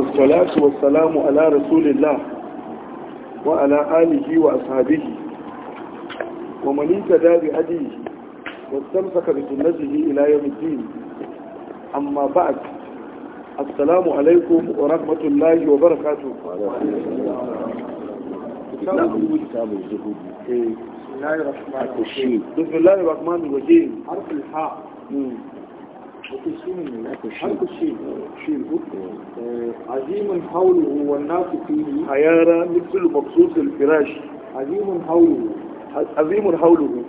والصلاة والسلام على رسول الله وعلى آله وأصحابه ومن اهتدى بهديه واستمسك بسنته إلى يوم الدين أما بعد السلام عليكم ورحمة الله وبركاته بسم الله الرحمن الرحيم بسم الله الرحمن الرحيم حرف الحاء عظيم حوله والناس فيه حيارى مثل مبسوط الفراش عظيم حوله عظيم حوله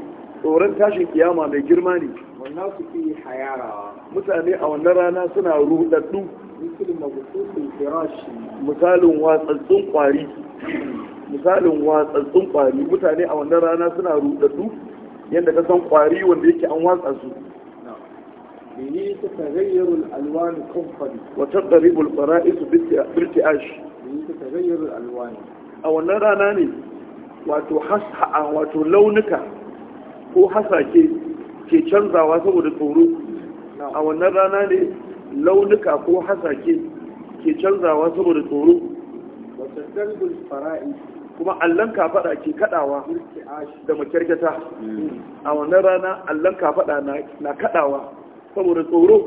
tsoron tashin kiyama mai girma ne wannan su fi hayara mutane a wannan rana suna rudaddu misalin watsatsun mutane a wannan rana suna rudaddu yadda ka san kwari wanda yake an watsa su حين تتغير الألوان كنفري وتقرب الفرائس بارتعاش حين تتغير الألوان أو نرى ناني وتحسح وتلونك هو حساكي ke canzawa saboda tsoro a wannan rana ne launuka ko hasake ke canzawa saboda tsoro kuma allon kafada ke kadawa da makyarkata a wannan rana allon kafada na kaɗawa. saboda tsoro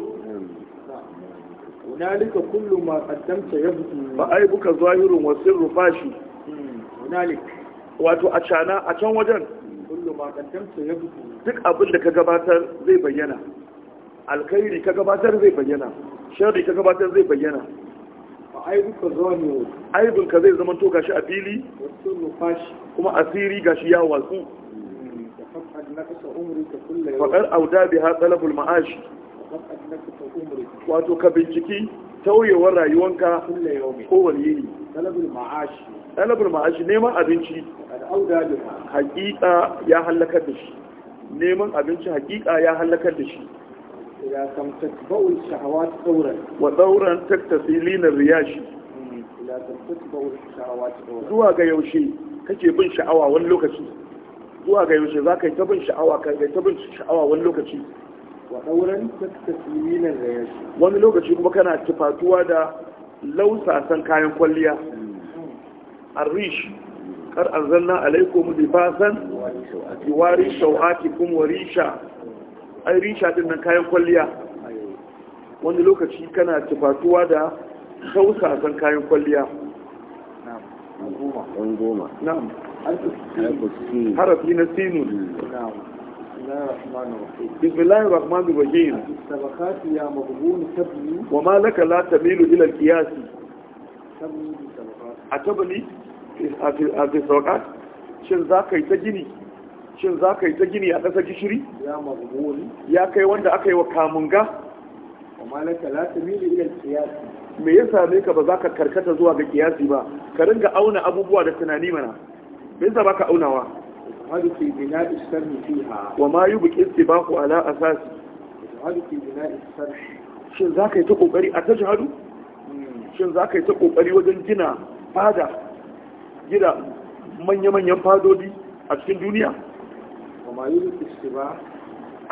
hunalika kullum ma ya yabdu ba a yi buka zahirun wa sirru fashi hmm, wato a cana a can wajen kullum ma ya yabdu duk abin da ka gabatar zai bayyana alkhairi ka gabatar zai bayyana sharri ka gabatar zai bayyana A yi aibuka zoni ka zai zama to gashi a fili kuma asiri gashi ya watsu faƙar auda bi ha talabul ma'ashi wato ka binciki tauyewar rayuwanka kowane yini ɗalibul ma'ashi neman abinci hakika ya hallakar da shi neman abinci hakika ya hallakar da shi ya kam tatba'ul shahawat tsauran wa tsauran taktasilina riyashi hmm, zuwa ga yaushe kake bin sha'awa wani lokaci zuwa ga yaushe za ka yi ta bin sha'awa ka yi ta bin sha'awa wani lokaci wa ɗauran tattasiminan da wani lokaci kuma kana tufatuwa da lausasan kayan kwalliya rish kar an zanna arzanna alaikum libasan yuwari shawatikum wa risha ai risha din nan kayan kwalliya wani lokaci kana tufatuwa da lausasan kayan kwalliya goma na harafi na sinu بسم الله الرحمن الرحيم السبخات يا مغبون تبني وما لك لا تميل إلى القياس أتبني في السبخات شن ذاك يتجني shin za جشري يا مغبون يا a ƙasa gishiri? وكامنغا وما لك لا تميل wa القياس me ya same ka ba za ka karkata zuwa ga kiyasi ba ka ringa auna abubuwa da tunani mana me yasa ba ka aunawa يجعل في بناء السرح فيها وما يبكي السباق على أساس يجعل في بناء السرح شن ذاك يتقو بري أتجهد شن ذاك يتقو بري وجن جنا فادا جدا من يمن ينفادو دي أتسين دنيا وما يبكي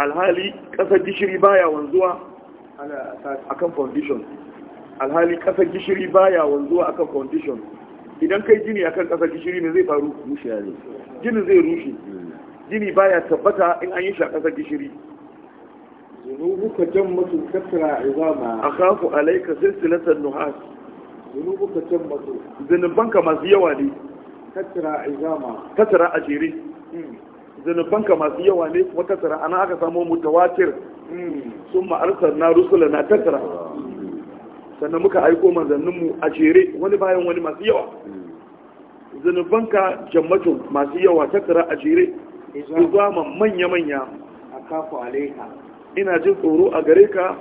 الهالي السباق جشري بايا gishiri على أساس أكم فونديشن الهالي kasar جشري بايا wanzuwa أكم فونديشن idan kai gini akan ƙasa gishiri ne zai faru gini zai rushe gini baya tabbata in an yi shi a ƙasa gishiri can masu jammatu a izama alaika alayka silatar nuhas zunu buka can masu masu yawa ne kasra izama jere zunuban ka masu yawa ne kuma kasra ana aka samu mutawatir hmm. na rusula na kasra sannan muka aiko manzanninmu a jere wani bayan wani masu yawa ka jammatun masu yawa ta kira a jere izaman manya-manya a kafa alaiha ina jin tsoro a gare ka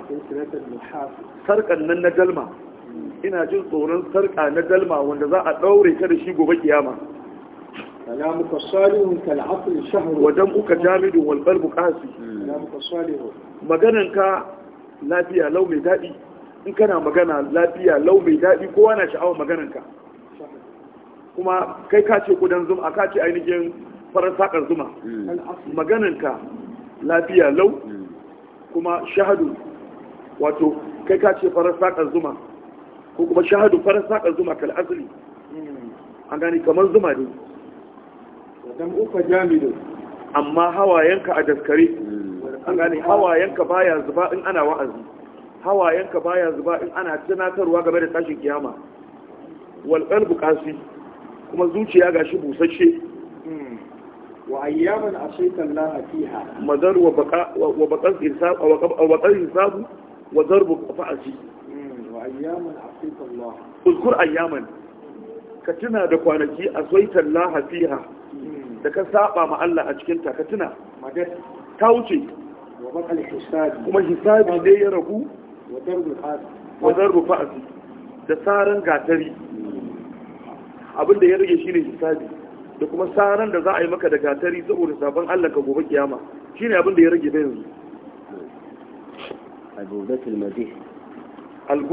sarkan nan na dalma ina jin tsoron sarka na dalma wanda za a ɗaure ta da shi gobe kiyama kalamuka salihun kal'afin shahru wajen uka jami'in walbal bukasi kalamuka salihun lafiya lau mai daɗi in kana magana lafiya lau mai daɗi kowa na sha'awar maganarka kuma kai ka ce kudan zuma ka ce ainihin farar sakar zuma hmm. maganarka lafiya lau hmm. kuma shahadu wato kai ka ce farar sakar zuma ko kuma shahadu farar sakar zuma kal asali hmm. an gani kamar zuma ne dan uka jamilu amma hawayenka a daskare an gani hawayenka baya zuba in ana wa'azi hawayenka baya zuba in ana tunatarwa game da tashin kiyama wal qalbu qasi kuma zuciya gashi busasshe wa ayyaman ashaita Allah fiha madar wa baqa wa baqal hisab wa baqal hisab wa darbu qafasi hmm, wa ayyaman ashaita Allah uzkur ayyaman ka tuna da kwanaki aswaita Allah fiha hmm. da ka saba ma Allah a cikin ta ka tuna madar ta wuce kuma hisabi ne ya ragu wajen rufa a da tsarin gatari abinda ya rage shi ne hisabi da kuma tsarin da za a yi maka da gatari saboda sabon allah ka gobe kiyama shi ne abinda ya rage da yanzu al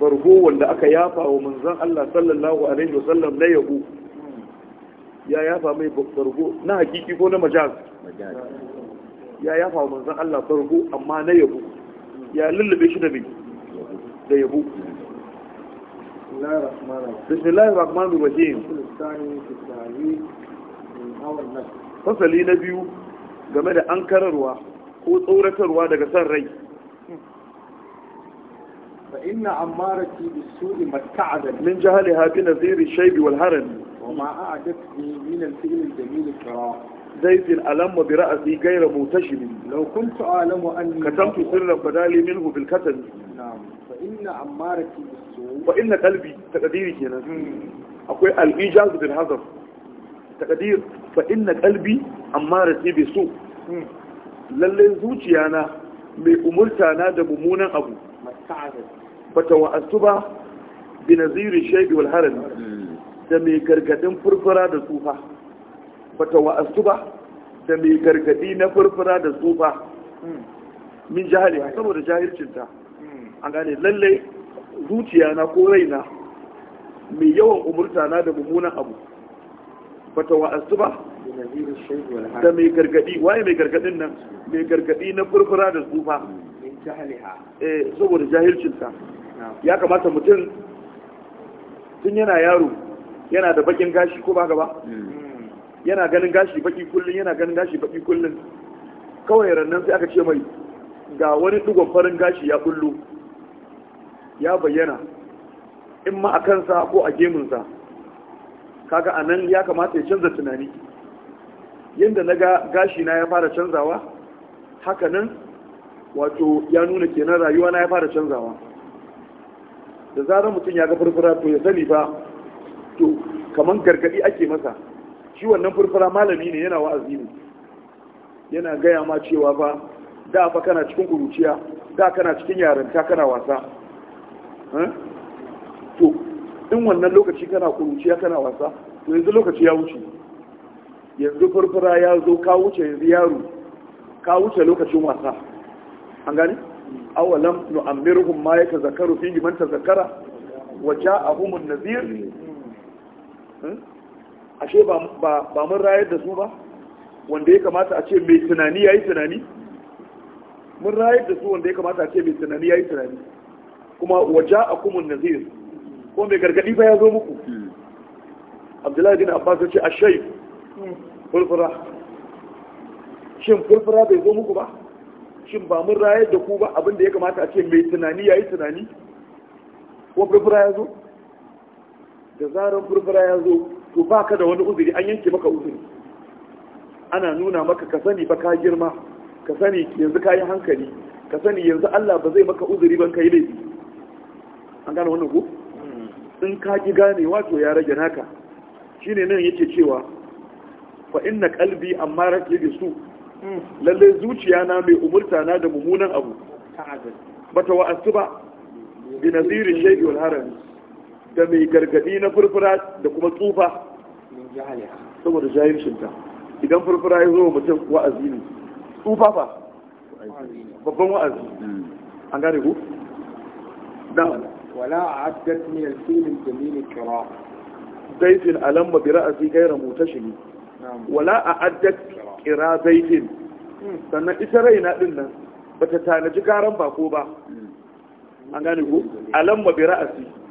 bargo wanda aka yafa wa manzan allah sallallahu alaihi wasallam na yahu ya yafa mai bargo na hakiki ko na majaz ya yafa wa manzan Allah bargo amma na yabo ya lullube shi da mai da yabo bismillahir rahmanir rahim fasali na biyu game da ankararwa ko tsoratarwa daga san rai فإن عمارتي بالسوء متعدا من جهلها بنظير الشيب والهرم وما أعدت من الفعل الجميل الكرام زيد الألم برأسي غير متشم لو كنت أعلم أني كتمت سرا بدالي منه بالكتم نعم فإن عمارتي بالسوء فإن قلبي تقديري هنا أقول الإيجاز بالحذف تقدير فإن قلبي عمارتي بالسوء lallai zuciya na mai umurta na da mummunan abu bata wa'astu ba bi naziri shaibi wal harami da mai gargadin furfura da tsufa bata wa'azu ba da mai gargadi na furfura da tsufa min a saboda jahilcinta an gane lallai zuciya na ko raina mai yawan umurta na da mummunan abu bata wa'azu ba da mai gargadi waye mai gargadin nan mai gargadi na furfura da tsufa eh, saboda jahilcinta ya kamata mutum tun yana yaro yana da bakin gashi ko ba gaba hmm. yana ganin gashi baki kullum yana ganin gashi baki kullun kawai rannan sai aka ce mai ga wani dugon farin gashi ya kullu ya bayyana in ma a kansa ko a gemunsa kaga a nan ya kamata ya canza tunani yadda na ga gashi na ya fara canzawa haka nan wato ya nuna kenan rayuwa na ya fara canzawa da zarar mutum ya ga furfura to ya sani fa. to kaman gargadi ake masa shi wannan furfura malami ne yana wa'azi ne yana gaya ma cewa fa da fa kana cikin kuruciya da kana cikin yarinta kana wasa eh? to in wannan lokaci kana kuruciya kana wasa to yanzu lokaci ya wuce yanzu furfura ya zo ka wuce yanzu yaro ka wuce lokacin wasa an gani awalam nu'ammiruhum ma yakazakaru fi man tazakara wa ja'ahum an-nadhir Hmm? ashe ba mun rayar da su ba wanda ya kamata a ce mai tunani ya yi tunani mun rayar da su wanda ya kamata a ce mai tunani ya yi tunani kuma waja a kumun nazir ko mai gargadi ba ya zo muku hmm. abdullahi bin abbas ya ce a shai fulfura shin fulfura bai zo muku ba shin ba mun rayar da ku ba abinda ya kamata a ce mai tunani ya yi tunani ko fulfura ya zo da zarar furfura ya zo to baka da wani uzuri an yanke maka uzuri ana nuna maka ka sani fa ka girma ka sani yanzu ka yi hankali ka sani yanzu Allah ba zai maka uzuri ban kai laifi an gane wannan ko hmm. in ka ki ganewa to ya rage naka shine nan yake cewa fa inna qalbi amma rake da su hmm. lalle zuciya na mai umurta na da mummunan abu bata wa'azi ba bi nazirin shay'i harami da mai gargadi na furfura da kuma tsufa saboda jahilcinta idan furfura ya zo mutum wa'azi ne tsufa fa babban wa'azi an gane ku dan wala a'addat min al-fil al-jamil al-kira zaitin alamma bi ra'si ghayra ne. wala a a'addat qira zaitin hmm. sannan ita raina din nan bata tanaji garan bako ba hmm. an gane ku alamma bi ra'si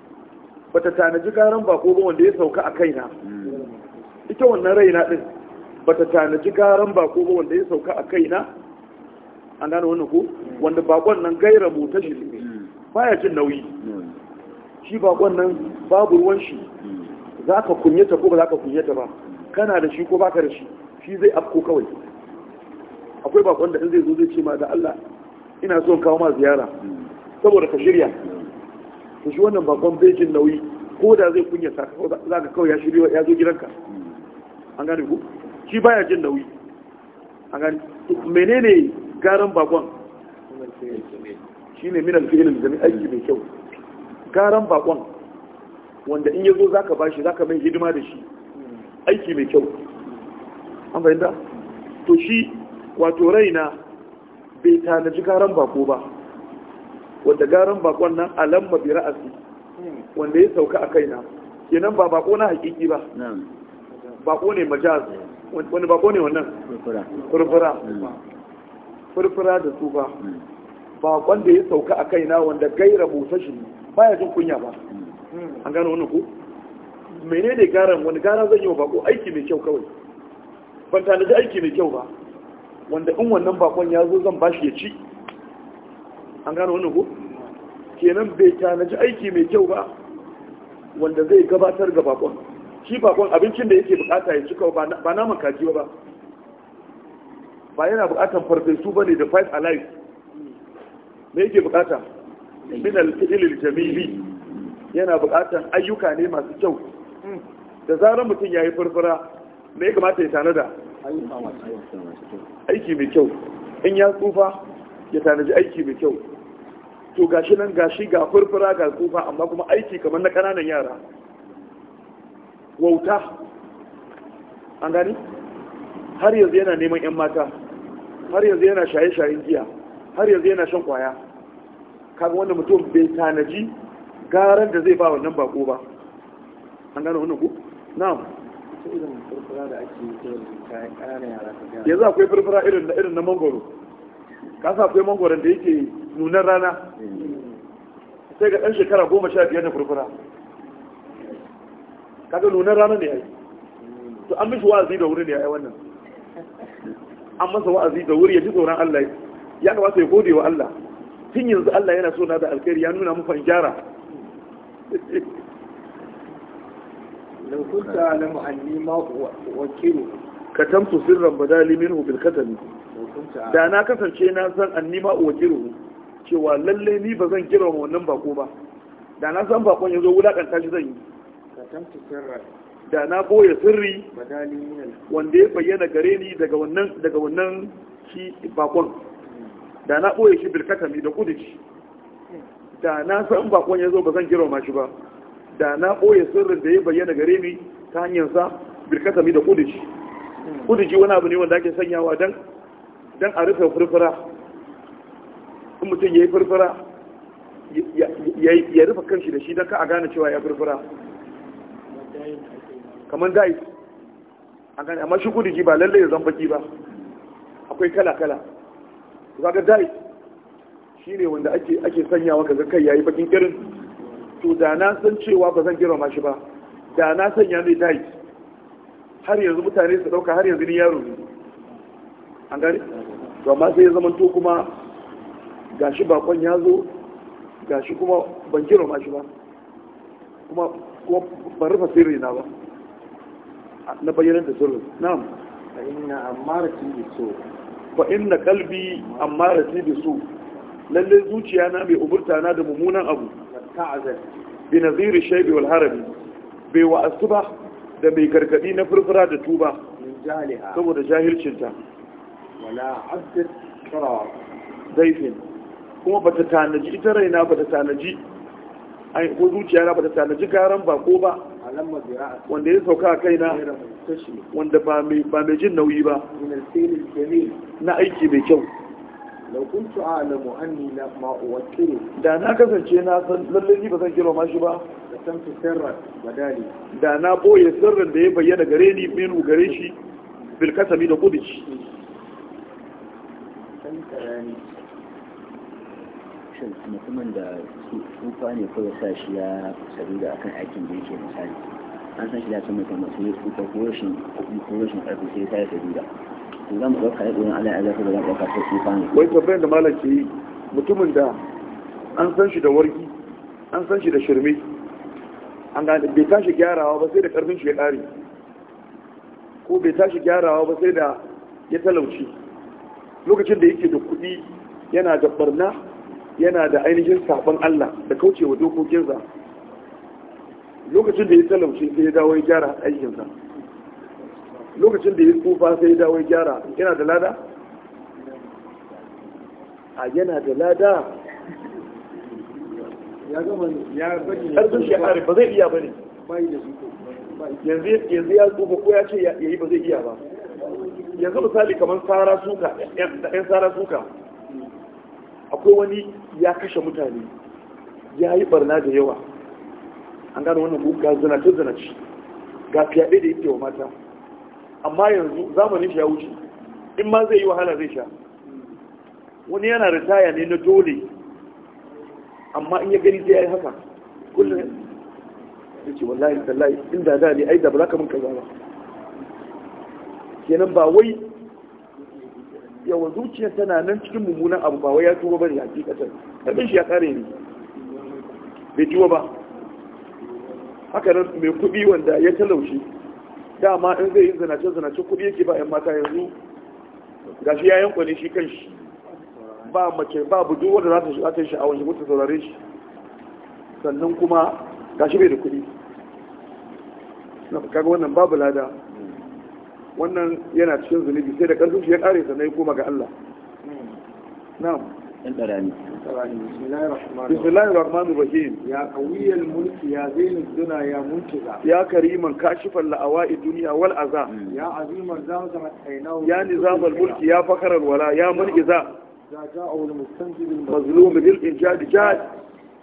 bata tanaji garan bako ba wanda ya sauka a kaina ita wannan raina din bata tanaji garan bako ba wanda ya sauka a kaina an gane wannan ko wanda bakon nan gaira mota shi ne baya jin nauyi shi bakon nan babu ruwan shi za ka kunyata ko ba za ka kunyata ba kana da shi ko baka da shi shi zai afko kawai akwai bakon da in zai zo zai ce ma da Allah ina son kawo ma ziyara saboda ka shirya to shi wannan bakon bejin nauyi ko da zai kunya saka za ka kawai ya shirya ya zo gidanka an gane ku shi baya jin nauyi an gane menene garan bakon shine min alfi'il zami aiki mai kyau garan bakon wanda in yazo zaka bashi zaka mai hidima da shi aiki mai kyau an fahimta to shi wato raina bai tanaji garan bako ba wanda garan bakon nan alamma bi ra'asi wanda ya sauka a kaina kenan ba bako na hakiki ba bako ne majaz wani bako ne wannan furfura furfura mm. da su ba mm. bakon da ya sauka a kaina wanda gaira mutashi ba ya jin kunya ba mm. an gano wani ku menene garan wani gara zan yi wa bako aiki mai kyau kawai ban tanaji aiki mai kyau ba wanda in wannan bakon ya zo zan bashi ya ci an gano wannan ko kenan bai tanaji aiki mai kyau ba wanda zai gabatar ga bakon shi bakon abincin da yake bukata ya cika ba naman kaji ba ba yana bukatan farfesu ba ne da five alive me yake bukata min alfi'il jamili yana bukatan ayyuka ne masu kyau da zarar mutum ya yi farfara me ya kamata ya tanada aiki mai kyau in ya tsufa ya tanaji aiki mai kyau to gashi nan gashi ga furfura ga kufa amma kuma aiki kamar na kananan yara wauta an gani har yanzu yana neman 'yan mata har yanzu yana shaye-shayen giya har yanzu yana shan kwaya kaga wanda mutum bai tanaji garan da zai ba wannan bako ba an gano wannan ku na'am yanzu akwai furfura irin na mangoro ka sa akwai mangwaron da yake nunar rana sai ga ɗan shekara goma sha biyar da furfura kaga nunar rana ne ai to an mishi wa'azi da wuri ne ai wannan an masa wa'azi da wuri ya ji tsoron Allah ya kamata ya gode wa Allah tun yanzu Allah yana so na da alkhairi ya nuna mu fangara. لو كنت أعلم أني ما وكيل كتمت سرا بدالي منه بالكتم da na kasance na san annima jiruhu cewa lalle ni ba zan kira wannan bako ba da na san bakon yazo wulakanta shi zan yi da na boye sirri wanda ya bayyana gare ni daga wannan daga wannan shi bakon da na boye shi birkatami da kudici da na san bakon zo ba zan kira ma shi ba da na boye sirrin da ya bayyana gare ni ta hanyar sa birkatami da kudici hmm. kudici wani abu ne wanda ake sanyawa dan don a rufe furfura in mutum ya yi furfura ya rufe kanshi da shi don ka a gane cewa ya furfura kamar dais a gane amma shi kudiji ba lallai ya zan baki ba akwai kala-kala Za ga dais shi ne wanda ake sanyawa ga kai ya yi bakin irin to da na san cewa ba zan girma shi ba da na sanya mai dais har yanzu mutane su dauka har yanzu ni yaro ne an gari to amma sai ya to kuma gashi bakon ya zo gashi kuma ban kira ma shi ba kuma ban rufe sirri na ba na bayyanar da sirri na'am fa inna amarati tibi so fa inna qalbi amarati tibi so lalle zuciya na mai uburta na da mummunan abu ta'azal bi naziri shaybi wal harabi bai wa ba da mai gargadi na furfura da tuba saboda jahilcinta wala abdin kara zaifin kuma ba ta tanaji ita raina ba ta tanaji ko zuciya na ba ta tanaji ba ko ba wanda ya sauka a kaina wanda ba mai jin nauyi ba na aiki mai kyau laukun su alamu an nila ma'uwakiru da na kasance na san lallai ni ba zan kira mashi ba da san su sirrar badali da na boye sirrin da ya bayyana gare ni minu gare shi bilkasami da kudici shin mutumin da tsufa ne ko ya sa shi ya sabi da akan aikin da yake misali an san shi da sun mutum masu yi tsufa ko rashin kuɗi ko rashin ƙarfi sai ya sa ya sabi da to za mu ɗauka ya ɗorin ala ya zafi da zan ɗauka sai tsufa ne wai tabbayar da malam ke yi mutumin da an san shi da wargi an san shi da shirme an gane bai tashi gyarawa ba sai da ƙarfin shi ya ƙare ko bai tashi gyarawa ba sai da ya talauci lokacin da yake da kuɗi yana da barna yana da ainihin sabon Allah da kaucewa dokokinsa lokacin da ya talauce sai ya dawo ya gyara aikinsa lokacin da ya tsufa sai ya dawo ya gyara yana da lada a yana da lada ya gama ya bari ƙarfin shekari ba zai iya ba ne? yanzu ya tsufa ko ya ce ya yi ba zai iya ba yanzu misali kamar tsara suka yan tsara suka akwai wani ya kashe mutane ya yi barna da yawa an gano wannan ga zinace zinace ga fiyaɗe da yake wa mata amma yanzu zamanin shi ya wuce in ma zai yi wahala zai sha wani yana ritaya ne na dole amma in ya gani zai ya yi haka kullum ya ce wallahi tallahi inda da ne ai da ba za ka mun kaza ba kenan ba wai yawa zuciyar tana nan cikin mummunan abu ba wai ya ne a hakikatar kaɗin shi ya kare ne bai tuba ba haka nan mai kuɗi wanda ya talaushi dama in zai yi zanace zanace kuɗi yake ba 'yan mata yanzu Ga shi ya kwane shi kan shi ba mace ba budu wanda za ta shiga sha'awar shi ta saurare shi sannan kuma ga shi bai da kuɗi na kaga wannan babu lada wannan yana cikin zunubi sai da karfin shi ya kare sannan ya koma ga Allah na'am dan dara ne bismillahir rahmanir rahim ya qawiyal mulk ya zainul duna ya muntiza ya kariman kashifal la'awa'i dunya wal azam hmm. ya aziman zamzam al-ainaw ya nizamul mulk ya fakaral wala ya mulkiza ya ja'ul mustanjil mazlum lil injad jad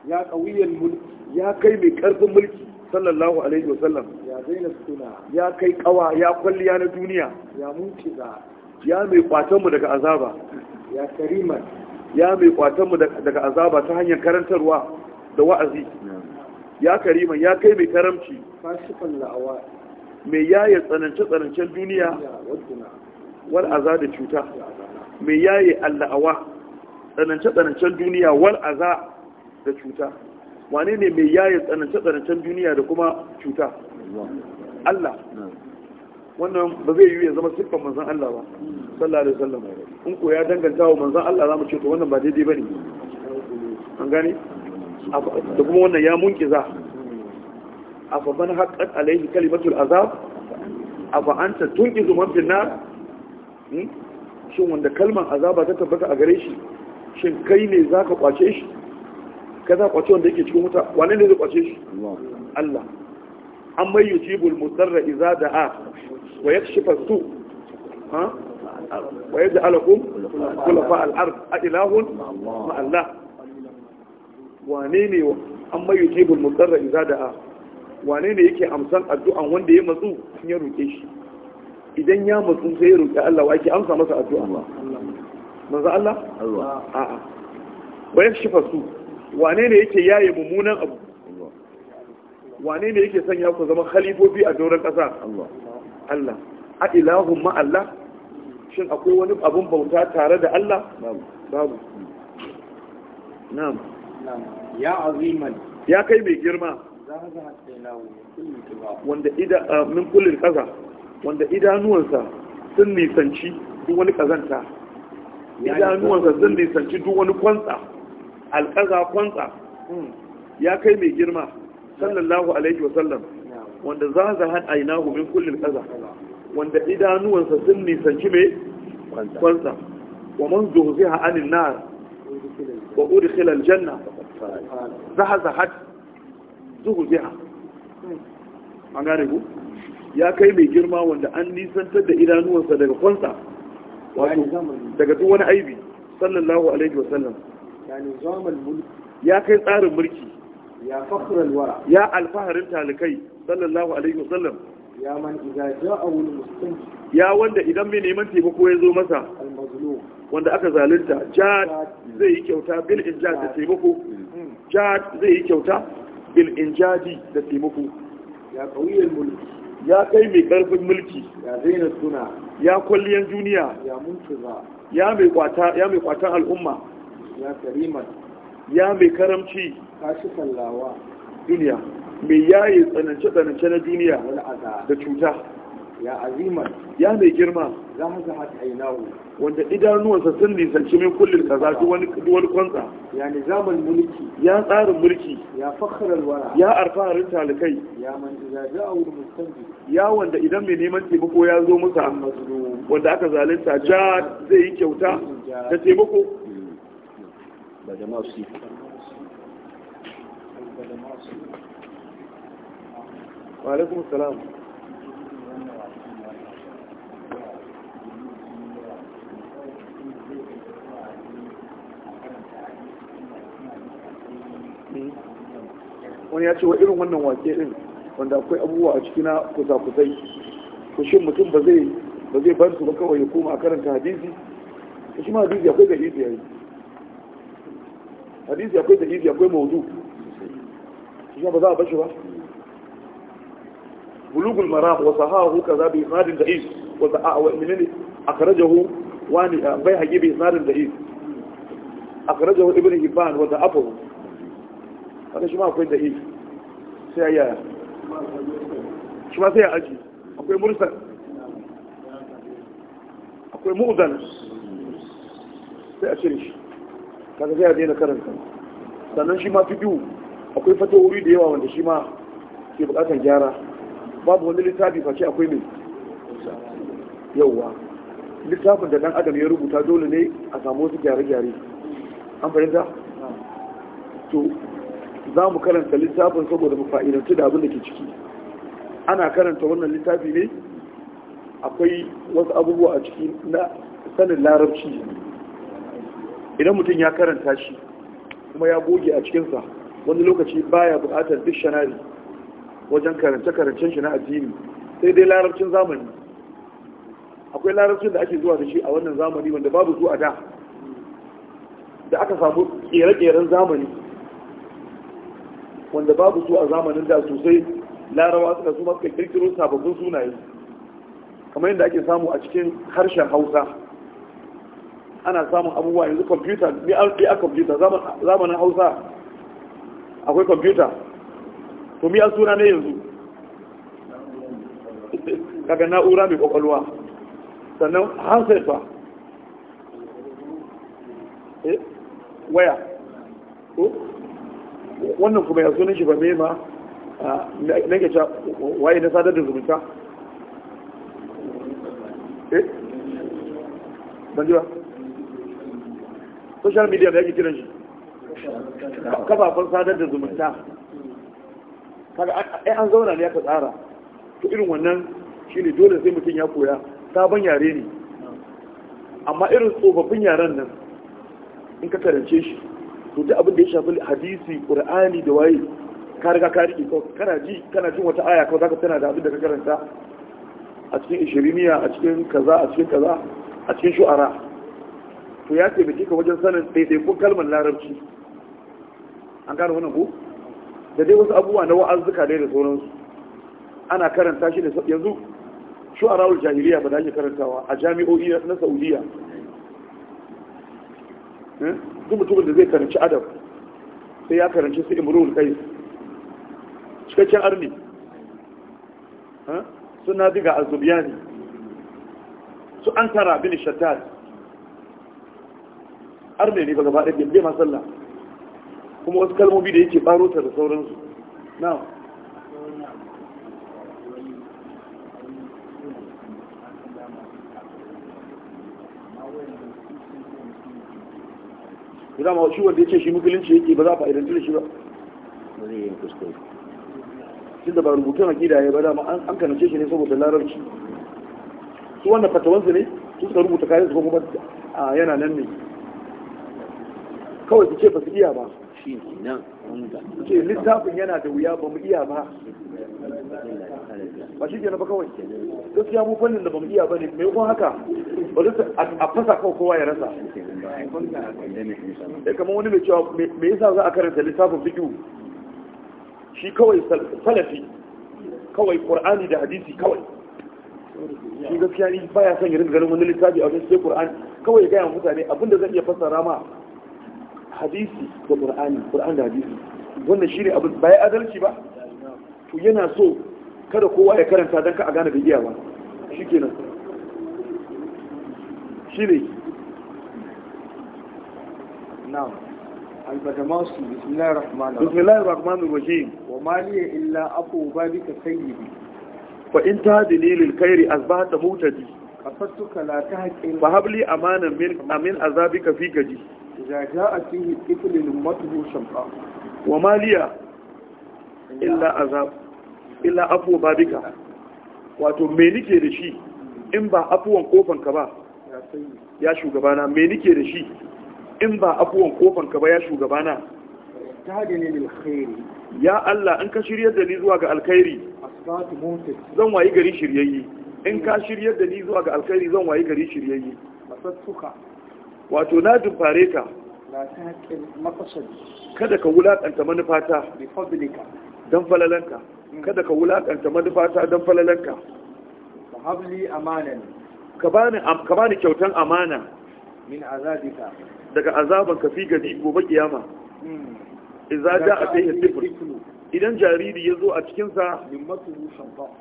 ya qawiyal mulk ya kai mai karfin mulki sallallahu alaihi wasallam ya zaina suna ya kai kawa ya kwalliya na duniya ya mukiza ya mai kwatan mu daga azaba ya kariman ya mai kwatan mu daga azaba ta hanyar karantarwa da wa'azi ya kariman ya kai mai karamci fashifan la'awa mai yaye tsanance tsanancen duniya wal aza da cuta mai yaye tsanance tsanancen duniya wal da cuta wane ne mai yaye tsanance-tsanancen duniya da kuma cuta Allah wannan ba zai yi ya zama siffar manzan Allah ba sallallahu alaihi wasallam in ko ya danganta wa manzan Allah zamu ce to wannan ba daidai bane an gane da kuma wannan ya munkiza afa man haqqat alaihi kalimatul azab afa anta tunqizu man fil nar hmm? shin wanda kalmar azaba ta tabbata a gare shi shin kai ne zaka kwace shi ka za kwace wanda yake cikin wuta wane ne zai kwace shi Allah an mai yujibul musarra iza da'a wa yakshifa su ha wa yaj'alukum khulafa al-ard a ilahun ma Allah wane ne an mai yujibul musarra iza da'a wane ne yake amsan addu'an wanda ya matsu in ya roke shi idan ya matsu sai ya roƙe Allah wa yake amsa masa addu'a manzo Allah a'a wa yakshifa su wane ne yake yaye mummunan abu wane ne yake sanya ku zama khalifofi a doron ƙasa Allah a ilahun Allah shin akwai wani abun bauta tare da Allah babu na'am ya aziman ya kai mai girma wanda ida min kullin kaza wanda idanuwansa sun nisanci duk wani kazanta idanuwansa sun nisanci duk wani kwantsa alƙaza kwantsa ya kai mai girma sallallahu alaihi wasallam wanda za za han ainihu min kullum ƙaza wanda idanuwansa sun nisanci mai kwantsa wa man zuhziha anin nar wa udkhila aljanna za za had zuhziha an gane ku ya kai mai girma wanda an nisantar da idanuwansa daga kwantsa wato daga duk wani aibi sallallahu alaihi wasallam ya nizamul mulk ya kai tsarin mulki ya fakhrul alwara ya alfaharin talikai sallallahu alaihi wasallam ya man idza wal al ya wanda idan mai neman taimako ya zo masa wanda aka zalunta ja zai yi kyauta bil injad da taimako hmm. ja zai yi kyauta bil injaji da taimako ya qawiyul mulki ya kai mai karfin mulki ya zaina suna ya kwalliyan duniya ya muntaza ya mai kwata ya mai kwatan al'umma ya kariman ya mai karamci kashi sallawa duniya mai yaye tsanance tsanance na duniya da cuta ya azimar ya mai girma za mu zama ainahu wanda idanuwansa sun nisanci min kullum ka duk wani wani kwantsa ya nizamin mulki ya tsarin mulki ya fakhrar wara ya arfaharin talikai ya man izaja aw mustanji ya wanda idan mai neman taimako ya zo musa wanda aka zalunta ja zai yi kyauta da taimako salam wani ya ce wa irin wannan wake din wanda akwai abubuwa a cikina kusa-kusai ko shi mutum ba zai ba zai su ba kawai ya koma a karanta hadisi shi ma hadisi akwai dalili yayi hadisi akwai da ta'ifi akwai maudu shi ba za a bashi ba bulugul maram wa sahahu kaza bi isnadin da'if wa sa'a wa minni akhrajahu wani bai haƙi bi isnadin da'if akhrajahu ibn hibban wa da'afu haka shi ma akwai da'if sai ya shi ma sai ya aji akwai mursal akwai mu'dan sai a cire shi kaga zai a daina karanta sannan shi ma biyu. akwai fatawoyi da yawa wanda shi ma ke bukatar gyara babu wani littafi face akwai mai yauwa littafin da dan adam ya rubuta dole ne a samu wasu gyare-gyare an fahimta to za mu karanta littafin saboda mu fa'idanci da abin da ke ciki ana karanta wannan littafi ne akwai wasu abubuwa a ciki na sanin larabci idan mutum ya karanta shi kuma ya goge a cikinsa wani lokaci baya buƙatar duk shanari wajen karance-karancen shi na addini sai dai larabcin zamani akwai larabcin da ake zuwa da shi a wannan zamani wanda babu zuwa da da aka samu ƙere-ƙeren zamani wanda babu zuwa a zamanin da sosai larawa suka su masu kirkiro sababbin sunaye kamar yadda ake samu a cikin harshen hausa ana samun abubuwa yanzu kwamfuta bi a kwamfuta zamanin hausa akwai kwamfuta to mi an suna ne yanzu daga na'ura mai kwakwalwa sannan handset ba eh, waya wannan kuma ya sunan shi ba mema ma na ke ca waye na sadar da zumunta eh ban social media da yake kiran shi kafafen sadar da zumunta kaga ai an zauna ne aka tsara to irin wannan shine dole sai mutum ya koya sabon yare ne amma irin tsofaffin yaren nan in ka karance shi to duk abin da ya shafi hadisi qur'ani da waye ka riga ka rike kana ji kana jin wata aya kawai zaka tana da abin da ka karanta a cikin ishiriniya a cikin kaza a cikin kaza a cikin shu'ara to ya taimake ka wajen sanin ɗaiɗaikun kalmar larabci an gane wannan ku? da dai wasu abubuwa na wa'azzuka dai da sauransu ana karanta shi da yanzu rawar jahiliya ba da ake karantawa a jami'o'i na saudiya eh? duk mutumin da zai karanci adam sai ya karanci su imrul kai cikakken arni suna diga azubiyani su an tara bin shattad arne ne ba gaba da bai ma sallah kuma wasu kalmomi da yake barota da sauransu na Ina ma shi wanda yake shi musulunci yake ba za a fa'idantu da shi ba. shi da ba na akida ya ba dama an kanace shi ne saboda larabci. Su wanda fatawansu ne su suka rubuta kayan su kuma yana nan ne. kawai su ce ba su iya ba shi nan littafin yana da wuya ba mu iya ba ba shi ke na ba kawai gaskiya mu fannin da ba mu iya ba ne mai kuma haka ba a fasa kawai kowa ya rasa ya eh, kama wani mai cewa me yasa za a karanta littafin fiƙi shi kawai salafi kawai ƙur'ani da hadisi kawai shi gaskiya ni baya son ya rinka ganin wani littafi a wajen sai ƙur'ani kawai ya gaya mutane abinda zan iya fassara ma hadisi da qur'ani qur'an da hadisi wannan shine abin bai adalci ba to yana so kada kowa ya karanta don ka a gane bigiya ba shi kenan shi ne na'am albadamasu bismillahir rahmanir rahim bismillahir rahmanir rahim wa maliya illa afu balika sayyidi fa in ta dalilil khairi asbahta mutadi qasadtuka la tahqil Ba habli amanan min amin azabika fi gaji إذا جاء فيه الطفل لأمته شمطاء وما لي إلا عذاب إلا أبو بابك wato me nike da shi in ba afuwan kofanka ba ya shugabana me nike da shi in ba afuwan kofanka ba ya shugabana ya Allah in ka shiryar da ni zuwa ga alkhairi zan wayi gari shiryayye in ka shiryar da ni zuwa ga alkhairi zan wayi gari shiryayye wato na dumfare ka kada ka wulaƙanta manufata don falalanka mm. kada ka wulaƙanta manufata don falalanka ka bani kyautan amana daga azaban ka fi gani gobe kiyama mm. idza jaa fihi tifl idan jariri yazo a cikinsa,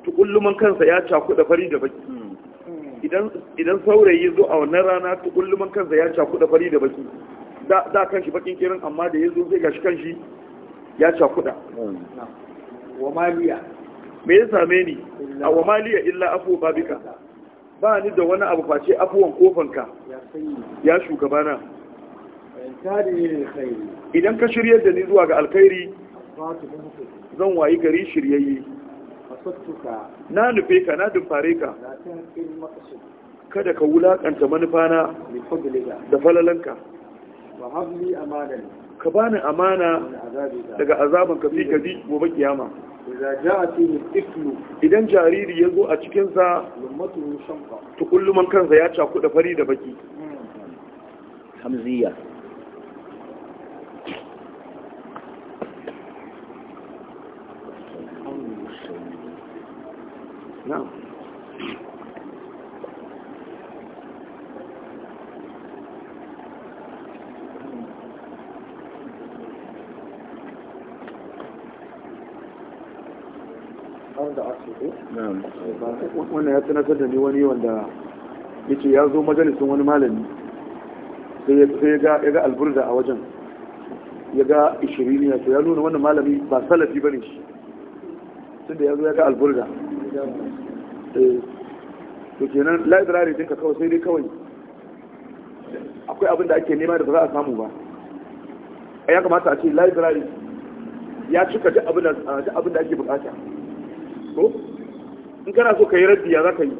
tukulluman kansa ya cakuda fari da baki mm. idan saurayi zo a wannan rana ta kulluman kansa ya da fari da baki da kan shi bakin kirin amma da ya zo zai gashi kan shi ya cakuda wa maliya me ya same ni a wa illa afu babika ba ni da wani abu face afuwan kofanka ya shugabana idan ka shirya da ni zuwa ga alkhairi zan wayi gari shiryayye na nufe ka na dumfare ka kada ka wulakanta manufana da falalanka ka bani amana daga azaban ka fi gobe kiyama idan jariri ya zo a cikinsa tukulluman kansa ya cakuɗa fari da baki hamziya wannan ya sanar da ni wani wanda yace ya zo majalisin wani malami sai ya ga alburda a wajen ya ga ishirini ya to ya nuna wannan malami ba salafi bane shi tunda ya zo ya ga alburda eh. to kenan library ka kawai sai dai kawai akwai abin da ake nema da ba za a samu ba a ya kamata a ce library ya cika duk abin da ake bukata ko in kana so ka yi raddi ya za ka yi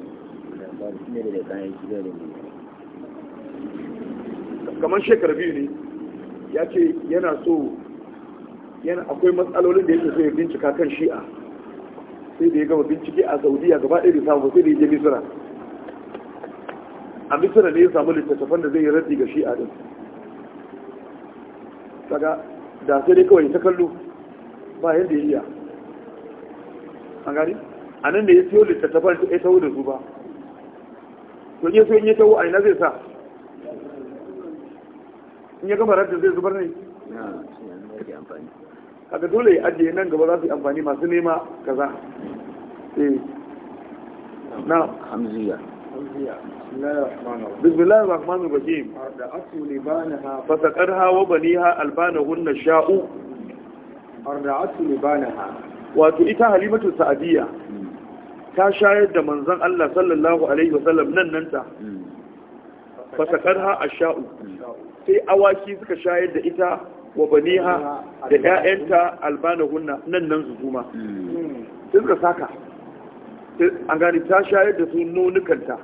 kamar shekar biyu ne ya ce yana so yana akwai matsalolin da yake so ya bincika kan shi'a sai da ya gama bincike a saudiya gaba ɗaya da samu sai da ya je misira a misira ne ya samu littattafan da zai yi raddi ga shi'a din daga da sai dai kawai ta kallo ba yadda ya iya an gani a nan da ya siyo littattafan ya tawo da su ba to ya so in ya tawo a ina zai sa in ya gama ranta zai zubar ne kaga dole ya ajiye nan gaba za su yi amfani masu nema kaza eh na hamziya بسم الله الرحمن الرحيم أردعت wa baniha albana hunna sha'u arda'atu libanaha wa ita halimatu sa'adiyya hmm. ta shayar da manzan Allah sallallahu alaihi wasallam nan nan ta a Sha'u, sai awaki suka shayar da ita wa ha da albana hunna nan nan su kuma sun ka saka an gani ta shayar da su nunukanta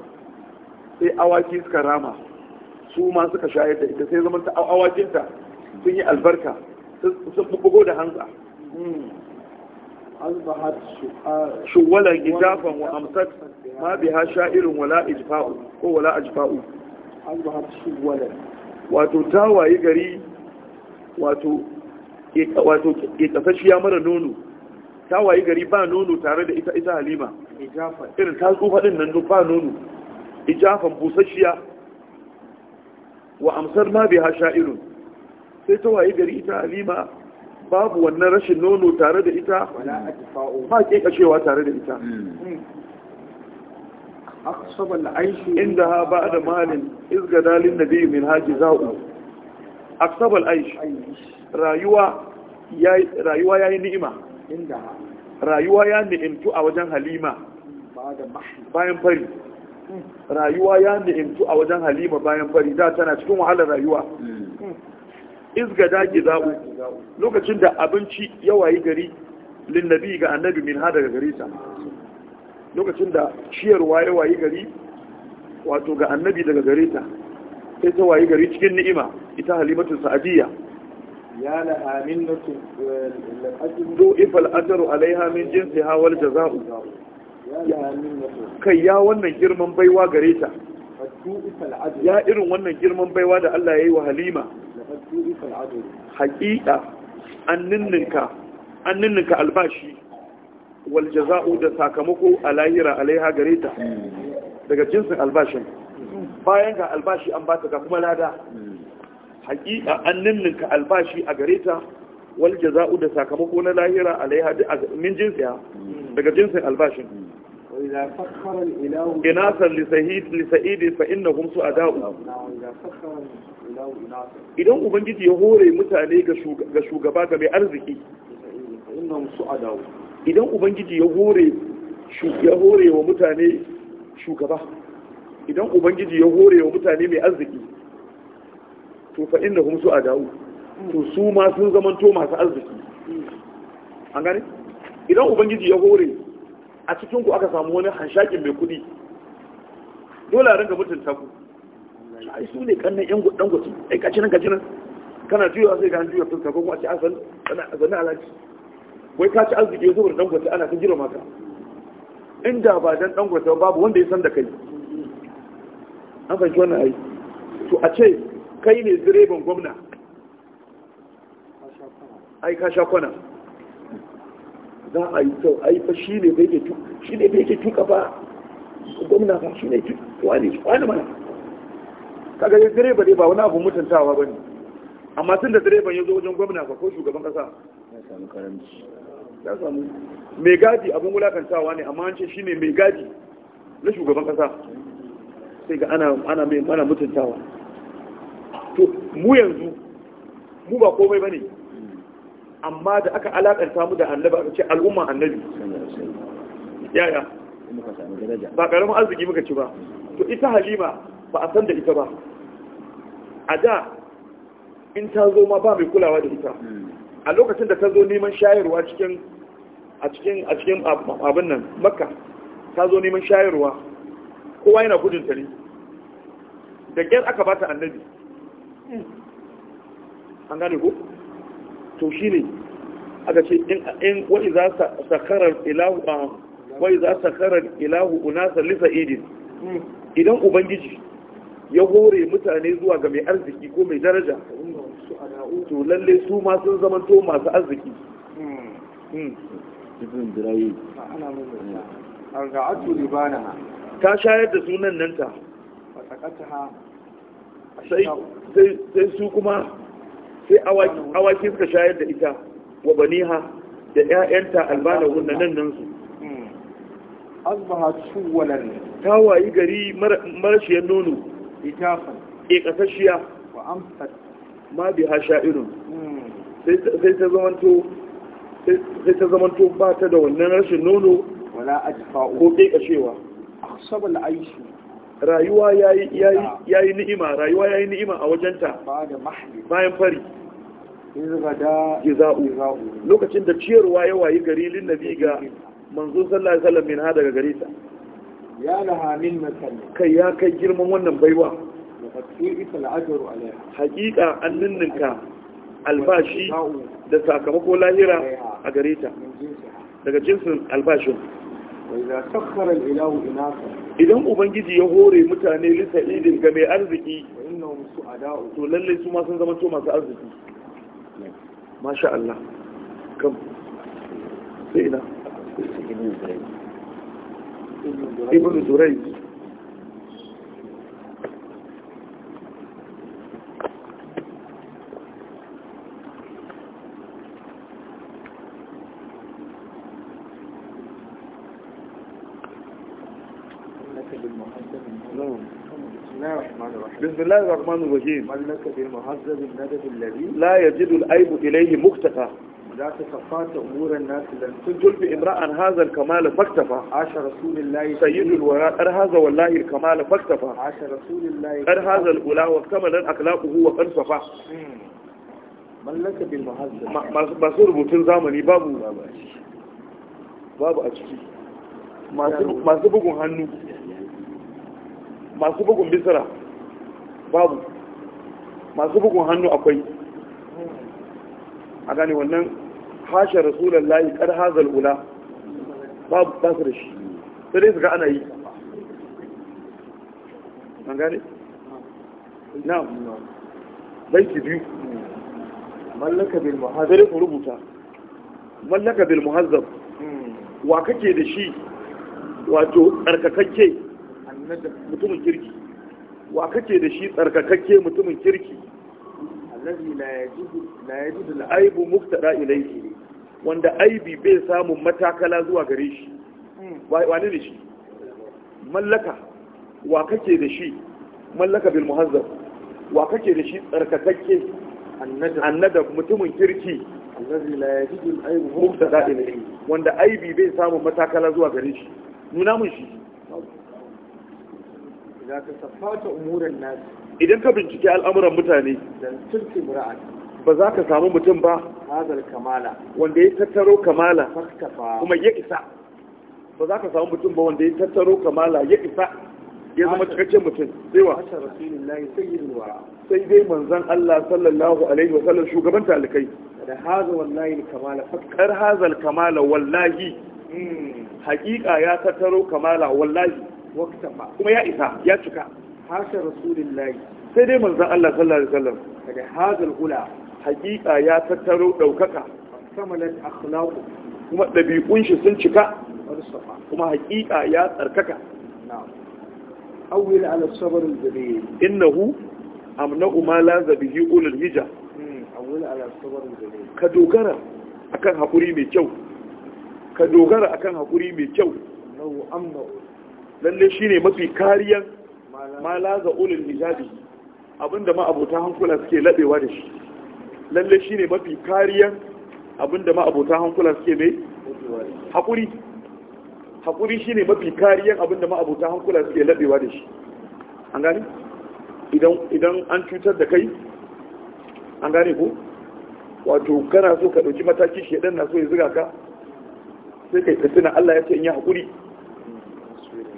sai awaki suka rama su ma suka shayar da ita sai zama ta awakinta sun yi albarka sun bugo da hanza shuwala gidafan wa amsat ma ha sha'irin wala ijfa'u ko wala ajfa'u wato tawaye gari wato wato kasashiya mara nono tawaye gari ba nono tare da ita ita halima irin ta tsufa din nan ba nono ijafan busashiya wa amsar ma ha sha'irun sai tawaye gari ita halima babu wannan rashin nono tare da ita ba ke kashewa tare da ita hmm. inda ha ba da malin izgadalin da biyu min haji za'u aksabal aishi rayuwa ya yi ni'ima rayuwa ya ni'imtu a wajen halima bayan fari hmm. rayuwa ya ni'imtu a wajen halima bayan fari da tana cikin wahalar rayuwa hmm. izgada giza'u lokacin da abinci ya wayi gari linnabi ga annabi min ha daga gare ta lokacin da ciyarwa ya wayi gari wato ga annabi daga gare ta sai ta wayi gari cikin ni'ima ita halimatu sa'adiyya ya laha minnatu do ifal ajru alaiha min jinsiha wal jazaa'u kai ya wannan girman baiwa gare ta ya irin wannan girman baiwa da Allah ya yi wa halima haƙiƙa an ninninka albashi wal jaza'u da sakamako a lahira alaiha gare ta daga jinsin albashin bayan ga albashi an ba ta ga kuma lada haƙiƙa an ninninka albashi a gare ta wal da sakamako na lahira a alaiha min jinsiya daga jinsin albashin inasan lisa'idi fa'inahum a ada'u idan ubangiji ya hore mutane ga shugaba ga mai arziki idan ubangiji ya hore ya hore wa mutane shugaba idan ubangiji ya hore wa mutane mai arziki to fa su a dawo, to su ma sun zamanto masu arziki an gane idan ubangiji ya hore a cikin ku aka samu wani hanshakin mai kuɗi dole a ringa mutunta ku ai su ne kannan yan gudan gudu ai kaci nan kaci nan kana juyawa sai ka juya fuska ko kuma ci kana azana alaji wai ka ci arziki zuwa dan gudu ana ta jira maka inda ba dan ba babu wanda ya san da kai an fahimci wannan ai to a ce kai ne direban gwamna ai ka sha kwana za a yi a yi fa shi ne bai ke tuka ba gwamna ba shi ne tuka wani wani mana kaga dai direba dai ba wani abu mutuntawa ba ne amma tun da direban ya zo wajen gwamna ba ko shugaban kasa ya samu mai gadi abin wulakantawa ne amma an ce shine mai gadi na shugaban kasa sai ga ana mai mana mutuntawa to mu yanzu mu ba komai ba ne amma da aka alakanta mu da annabi ce al'umma annabi yaya ba karamin arziki muka ci ba to ita halima ba a san da ita ba a da in ta zo ma ba mai kulawa da ita a lokacin da ta zo neman shayarwa cikin a cikin a cikin abin nan makka ta zo neman shayarwa kowa yana gudun ta ne da gyar aka ba ta annabi an gane ko to shi ne aka ce in wai za sakarar ilahu a ah, wai za sakarar ilahu unasar lisa idin idan ubangiji ya hore mutane zuwa ga mai arziki ko mai daraja to lalle su ma sun zama to masu arziki hmm. ta shayar da sunan nan ta sai su kuma sai awaki suka shayar da ita wa baniha da 'ya'yanta albana nan nan su hmm. azbaha tuwalar ta wayi gari marashiyar nono e kasashiya wa ma bi ha sha'irun hmm. sai ta zamanto ba ta da wannan rashin nono wala ajfa'u ko kai kashewa ahsabal aishu rayuwa ya yi ni'ima rayuwa yayi ni'ima a wajenta bayan fari iza'u lokacin da ciyarwa ya wayi gari lin nabi ga manzon sallar alaihi min ha daga gare ta ya laha min kai ya kai girman wannan baiwa haƙiƙa an ninninka albashi da sakamako lahira a gare ta daga jinsin albashin idan ubangiji ya hore mutane lisa ga mai arziki to lallai su ma sun zama masu arziki masha Allah kam sai ina ابن جريج بسم الله الرحمن الرحيم من لك بالمهذب الذي لا يجد الأيب إليه مختفى za ta tafata umuran nasu da su jirbi imra'an hazar kamala faktafa asha rasulun layi sayyidul wara dar haza wallahi kamala faktafa asha rasulun layi dar haza alula wa kamalan wa falsafa hmm. mallaka bil rubutun zamani babu a ciki masu bugun hannu akwai hmm. hasha layi kar hazal ula babu da shi sai dai su ga ana yi an gane na baiti biyu mallaka bil muhazzab sai ku rubuta mallaka bil muhazzab hmm. wa kake da shi wato tsarkakakke mutumin kirki wa kake da shi tsarkakakke mutumin kirki allazi la yajidu la yajidu al-aibu muftada ilayhi wanda aibi bai samun matakala zuwa gare shi hmm. wani ne shi mallaka wa kake da shi mallaka bil muhazzab wa kake da shi tsarkakakke annada mutumin kirki wanda aibi bai samun matakala zuwa gare shi nuna mun shi idan ka bincike al'amuran mutane ba za ka samu mutum ba wanda ya tattaro kamala kuma ya isa ba za ka samu mutum ba wanda ya tattaro kamala ya isa ya zama cikakken mutum sai wa sai dai manzan Allah sallallahu alaihi wa sallam shugaban talikai da haza wallahi kamala fakar hazal kamala wallahi hmm. Hakika ya tattaro kamala wallahi kuma ya isa ya cika hasha rasulillahi sai dai manzan Allah sallallahu alaihi wa sallam daga hazal ula hakika ya tattaro daukaka kamalat akhlaqu kuma dabi'un shi sun cika kuma hakika ya tsarkaka na'am awil ala sabr al-jamil innahu amna'u ma la bihi ulul hija hmm, awil ala sabr al-jamil ka dogara akan hakuri mai kyau ka dogara akan hakuri mai kyau nau amna'u lalle shine mafi kariyan ma la za ulul hijabi abinda ma abota hankula suke labewa da shi lalle shi ne mafi kariyan abinda ma'abota hankula suke mai haƙuri haƙuri shi ne mafi kariyan abinda ma'abota hankula suke laɓewa da shi an gani idan an cutar da kai an gane ko wato kana so ka ɗauki mataki shaidan na so ya ziga ka sai ka yi tattunan allah ya ce in yi haƙuri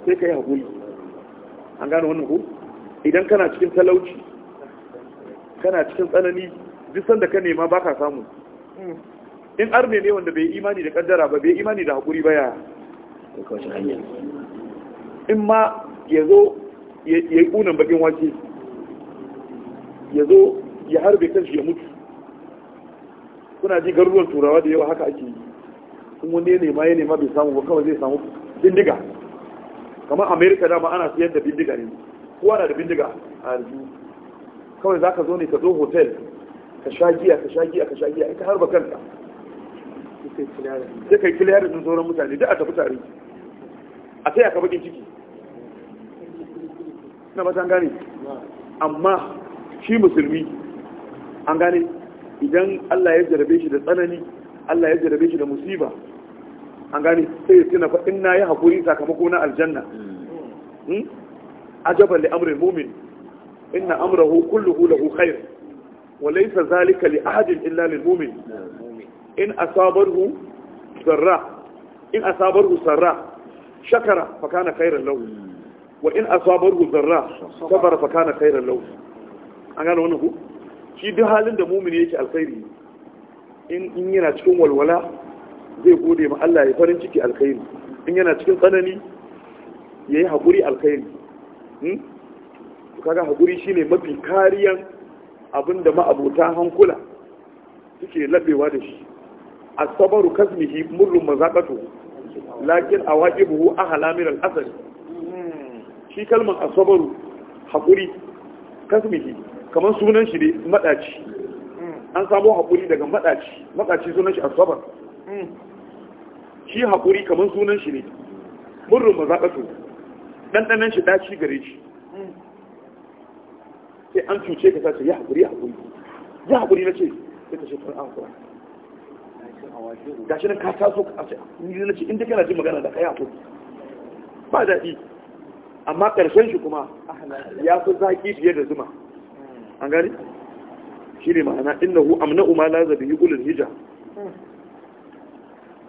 sai ka yi haƙuri an gane wannan ko idan kana cikin talauci kana cikin tsanani duk sanda ka nema baka samu hmm. in arne ne wanda bai imani da kaddara ba bai imani da hakuri ba ya in ma ya zo ya yi kunan bakin wake ya zo ya harbe shi ya mutu kuna ji garuruwan turawa da yawa haka ake yi in wani ya nema ya nema bai samu ba kawai zai samu bindiga kamar amerika dama ana siyar da bindiga ne kowa na da bindiga a yanzu kawai za ka zo ne ka zo hotel ka sha giya ka sha giya ka sha giya ita harba kanka sai kai kiliyar sun sauran mutane duk a tafi tare a sai aka bakin ciki na ba an gane amma shi musulmi an gane idan Allah ya jarabe shi da tsanani Allah ya jarabe shi da musiba an gane sai ya tuna fa inna ya hakuri sakamako na aljanna hmm? ajaban li amril mu'min inna amrahu kulluhu lahu khair وليس ذلك لأحد إلا للمؤمن إن أصابره سراء إن أصابره سراء شكر فكان خيرا له وإن أصابره ذراء صبر فكان خيرا له an gano wannan ku shi duk halin da mumini yake alkhairi in yana cikin walwala zai gode ma Allah ya farinciki ciki in yana cikin tsanani ya yi haƙuri alkhairi hmm? kaga hakuri shine mafi kariyan abin da ma'abuta hankula suke labewa da shi a sabaru kasmihi murrun mazaƙatu lakin a waƙi buhu a halamin al'asari shi kalmar a sabaru haƙuri kasmihi kamar sunan shi ne maɗaci an samo haƙuri daga maɗaci maɗaci sunan shi a sabar shi haƙuri kamar sunan shi ne murrun mazaƙatu ɗanɗanan shi ɗaci gare shi sai an cuce ka sace ya haƙuri ya haƙuri ya haƙuri na ce sai ka ce tun an ga shi nan ka taso ka ce ni na ce inda kana jin magana da ka a kudu. ba daɗi amma ƙarshen shi kuma ya fi zaƙi fiye da zuma an gani shi ne ma'ana innahu amna'u ma la zabi ulul hija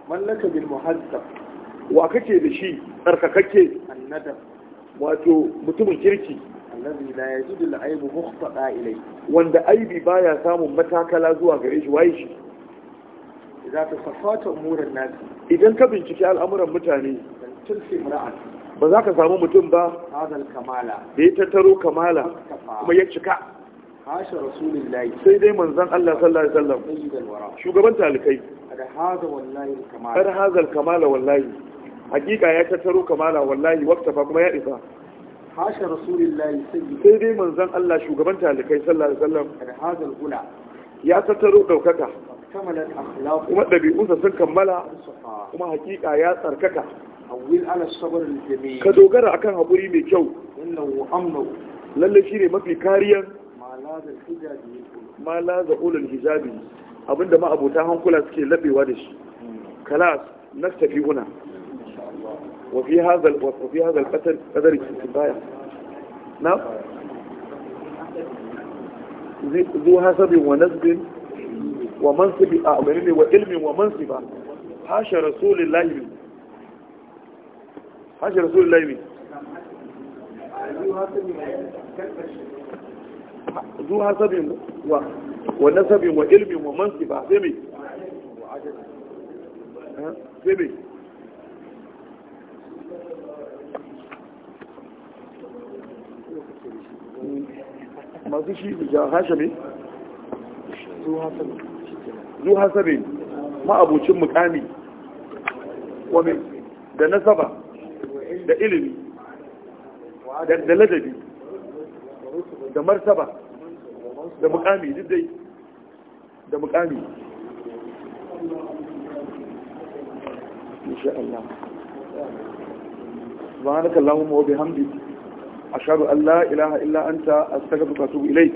mallaka bil muhazzab wa kake da shi tsarkakakke annadab wato mutumin kirki allazi la yajidu al-aib mukhtaqa ilayhi wanda aibi baya samun matakala zuwa gare shi waye shi idan ka safata umuran nas idan ka binciki al'amuran mutane tilsi ba za ka samu mutum ba hadal kamala da ya tattaro kamala kuma ya cika sai dai manzan Allah sallallahu alaihi wasallam shugaban talikai har hazal kamala wallahi hakika ya tattaro kamala wallahi waqtafa kuma ya isa hasha rasulullahi sai dai manzon Allah shugaban talikai sallallahu alaihi wasallam ya tattaro ɗaukaka. kamalat kuma dabi'unsa sun kammala kuma hakika ya tsarkaka awil ka dogara akan hakuri mai kyau innahu amnu lalle shine mafi kariyan ma la za hijabi abinda ma abota hankula suke labewa da shi kalas nastafi una وفي هذا وفي هذا القدر قدر الكفاية نعم ذو حسب ونسب ومنصب أعمرني وعلم ومنصب حاشا رسول الله حاشا رسول الله ذو حسب ونسب وعلم ومنصب زي مي masu shi hashami zu hasabe ma'abucin mukami wani da nasaba da ilimi da ladabi da martaba da mukami dai da mukami insha Allah subhanakallahumma wa bihamdika ashhadu an allah ilaha illa anta astaghfiruka wa atubu ilayk